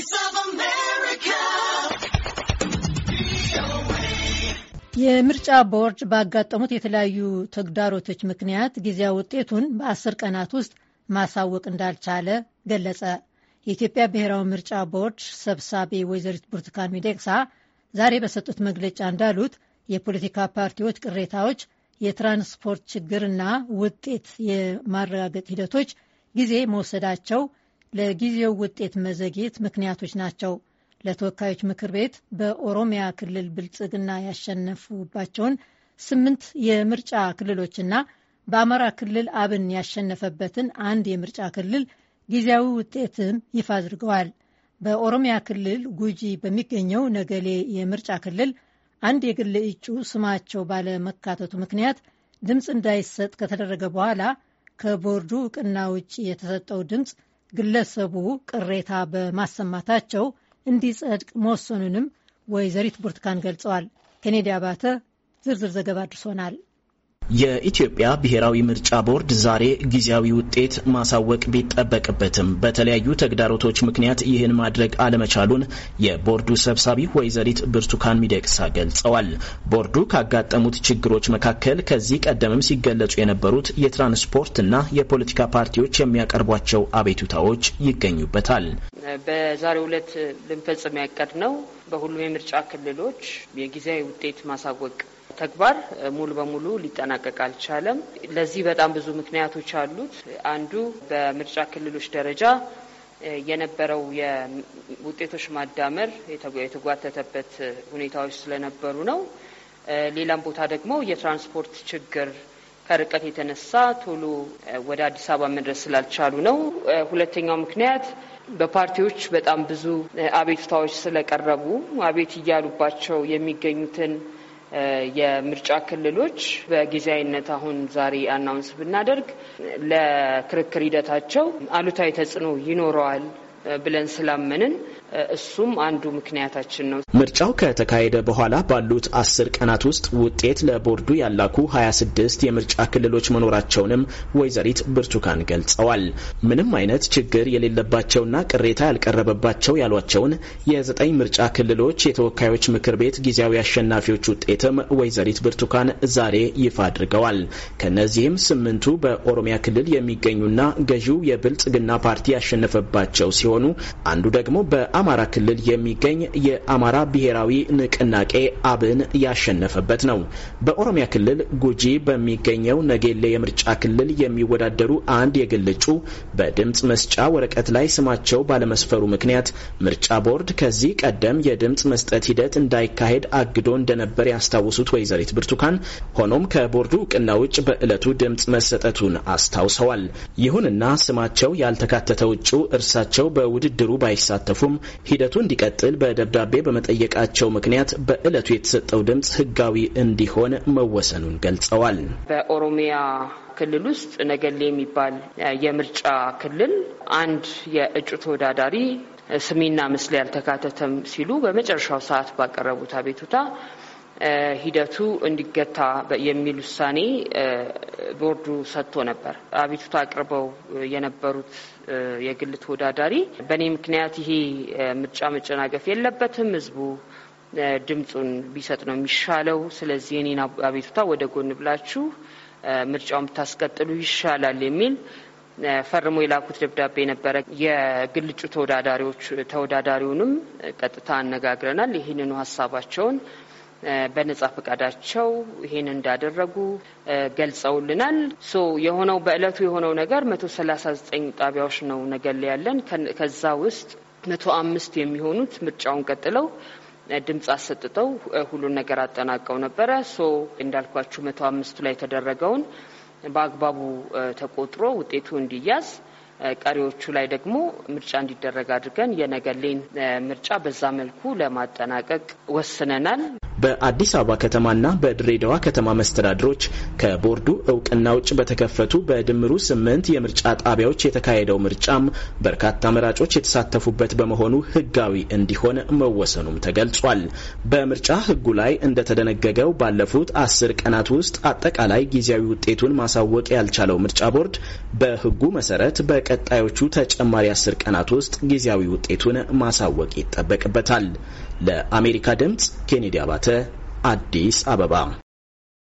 Voice of America. የምርጫ ቦርድ ባጋጠሙት የተለያዩ ተግዳሮቶች ምክንያት ጊዜያዊ ውጤቱን በአስር ቀናት ውስጥ ማሳወቅ እንዳልቻለ ገለጸ። የኢትዮጵያ ብሔራዊ ምርጫ ቦርድ ሰብሳቢ ወይዘሪት ብርቱካን ሚደቅሳ ዛሬ በሰጡት መግለጫ እንዳሉት የፖለቲካ ፓርቲዎች ቅሬታዎች፣ የትራንስፖርት ችግርና ውጤት የማረጋገጥ ሂደቶች ጊዜ መውሰዳቸው ለጊዜው ውጤት መዘግየት ምክንያቶች ናቸው። ለተወካዮች ምክር ቤት በኦሮሚያ ክልል ብልጽግና ያሸነፉባቸውን ስምንት የምርጫ ክልሎችና በአማራ ክልል አብን ያሸነፈበትን አንድ የምርጫ ክልል ጊዜያዊ ውጤትም ይፋ አድርገዋል። በኦሮሚያ ክልል ጉጂ በሚገኘው ነገሌ የምርጫ ክልል አንድ የግል እጩ ስማቸው ባለመካተቱ ምክንያት ድምፅ እንዳይሰጥ ከተደረገ በኋላ ከቦርዱ እውቅና ውጭ የተሰጠው ድምፅ ግለሰቡ ቅሬታ በማሰማታቸው እንዲጸድቅ መወሰኑንም ወይዘሪት ብርቱካን ገልጸዋል። ኬኔዲ አባተ ዝርዝር ዘገባ አድርሶናል። የኢትዮጵያ ብሔራዊ ምርጫ ቦርድ ዛሬ ጊዜያዊ ውጤት ማሳወቅ ቢጠበቅበትም በተለያዩ ተግዳሮቶች ምክንያት ይህን ማድረግ አለመቻሉን የቦርዱ ሰብሳቢ ወይዘሪት ብርቱካን ሚደቅሳ ገልጸዋል። ቦርዱ ካጋጠሙት ችግሮች መካከል ከዚህ ቀደምም ሲገለጹ የነበሩት የትራንስፖርትና የፖለቲካ ፓርቲዎች የሚያቀርቧቸው አቤቱታዎች ይገኙበታል። በዛሬው ዕለት ልንፈጽም ነው በሁሉም የምርጫ ክልሎች የጊዜያዊ ውጤት ማሳወቅ ተግባር ሙሉ በሙሉ ሊጠናቀቅ አልቻለም። ለዚህ በጣም ብዙ ምክንያቶች አሉት። አንዱ በምርጫ ክልሎች ደረጃ የነበረው የውጤቶች ማዳመር የተጓተተበት ሁኔታዎች ስለነበሩ ነው። ሌላም ቦታ ደግሞ የትራንስፖርት ችግር ከርቀት የተነሳ ቶሎ ወደ አዲስ አበባ መድረስ ስላልቻሉ ነው። ሁለተኛው ምክንያት በፓርቲዎች በጣም ብዙ አቤቱታዎች ስለቀረቡ አቤት እያሉባቸው የሚገኙትን የምርጫ ክልሎች በጊዜያዊነት አሁን ዛሬ አናውንስ ብናደርግ ለክርክር ሂደታቸው አሉታዊ ተጽዕኖ ይኖረዋል ብለን ስላመንን እሱም አንዱ ምክንያታችን ነው። ምርጫው ከተካሄደ በኋላ ባሉት አስር ቀናት ውስጥ ውጤት ለቦርዱ ያላኩ 26 የምርጫ ክልሎች መኖራቸውንም ወይዘሪት ብርቱካን ገልጸዋል። ምንም አይነት ችግር የሌለባቸውና ቅሬታ ያልቀረበባቸው ያሏቸውን የዘጠኝ ምርጫ ክልሎች የተወካዮች ምክር ቤት ጊዜያዊ አሸናፊዎች ውጤትም ወይዘሪት ብርቱካን ዛሬ ይፋ አድርገዋል። ከእነዚህም ስምንቱ በኦሮሚያ ክልል የሚገኙና ገዢው የብልጽግና ፓርቲ ያሸነፈባቸው ሲሆን ሲሆኑ አንዱ ደግሞ በአማራ ክልል የሚገኝ የአማራ ብሔራዊ ንቅናቄ አብን ያሸነፈበት ነው። በኦሮሚያ ክልል ጉጂ በሚገኘው ነጌሌ የምርጫ ክልል የሚወዳደሩ አንድ የግል እጩ በድምፅ መስጫ ወረቀት ላይ ስማቸው ባለመስፈሩ ምክንያት ምርጫ ቦርድ ከዚህ ቀደም የድምፅ መስጠት ሂደት እንዳይካሄድ አግዶ እንደነበር ያስታውሱት ወይዘሪት ብርቱካን ሆኖም ከቦርዱ እውቅና ውጭ በዕለቱ ድምፅ መሰጠቱን አስታውሰዋል። ይሁንና ስማቸው ያልተካተተው እጩ እርሳቸው በውድድሩ ባይሳተፉም ሂደቱ እንዲቀጥል በደብዳቤ በመጠየቃቸው ምክንያት በዕለቱ የተሰጠው ድምፅ ህጋዊ እንዲሆን መወሰኑን ገልጸዋል። በኦሮሚያ ክልል ውስጥ ነገሌ የሚባል የምርጫ ክልል አንድ የእጩ ተወዳዳሪ ስሜና ምስል ያልተካተተም ሲሉ በመጨረሻው ሰዓት ባቀረቡት አቤቱታ ሂደቱ እንዲገታ የሚል ውሳኔ ቦርዱ ሰጥቶ ነበር። አቤቱታ አቅርበው የነበሩት የግል ተወዳዳሪ በእኔ ምክንያት ይሄ ምርጫ መጨናገፍ የለበትም፣ ህዝቡ ድምፁን ቢሰጥ ነው የሚሻለው፣ ስለዚህ የኔን አቤቱታ ወደ ጎን ብላችሁ ምርጫውን ብታስቀጥሉ ይሻላል የሚል ፈርሞ የላኩት ደብዳቤ ነበረ። የግልጩ ተወዳዳሪዎች ተወዳዳሪውንም ቀጥታ አነጋግረናል። ይህንኑ ሀሳባቸውን በነጻ ፈቃዳቸው ይሄን እንዳደረጉ ገልጸውልናል። ሶ የሆነው በእለቱ የሆነው ነገር መቶ ሰላሳ ዘጠኝ ጣቢያዎች ነው ነገር ያለን። ከዛ ውስጥ መቶ አምስት የሚሆኑት ምርጫውን ቀጥለው ድምፅ አሰጥተው ሁሉን ነገር አጠናቀው ነበረ። ሶ እንዳልኳችሁ መቶ አምስቱ ላይ የተደረገውን በአግባቡ ተቆጥሮ ውጤቱ እንዲያዝ ቀሪዎቹ ላይ ደግሞ ምርጫ እንዲደረግ አድርገን የነገሌን ምርጫ በዛ መልኩ ለማጠናቀቅ ወስነናል። በአዲስ አበባ ከተማና በድሬዳዋ ከተማ መስተዳድሮች ከቦርዱ እውቅና ውጭ በተከፈቱ በድምሩ ስምንት የምርጫ ጣቢያዎች የተካሄደው ምርጫም በርካታ መራጮች የተሳተፉበት በመሆኑ ህጋዊ እንዲሆን መወሰኑም ተገልጿል። በምርጫ ህጉ ላይ እንደተደነገገው ባለፉት አስር ቀናት ውስጥ አጠቃላይ ጊዜያዊ ውጤቱን ማሳወቅ ያልቻለው ምርጫ ቦርድ በህጉ መሰረት በቀጣዮቹ ተጨማሪ አስር ቀናት ውስጥ ጊዜያዊ ውጤቱን ማሳወቅ ይጠበቅበታል። ለአሜሪካ ድምጽ ኬኔዲ አባተ አዲስ አበባ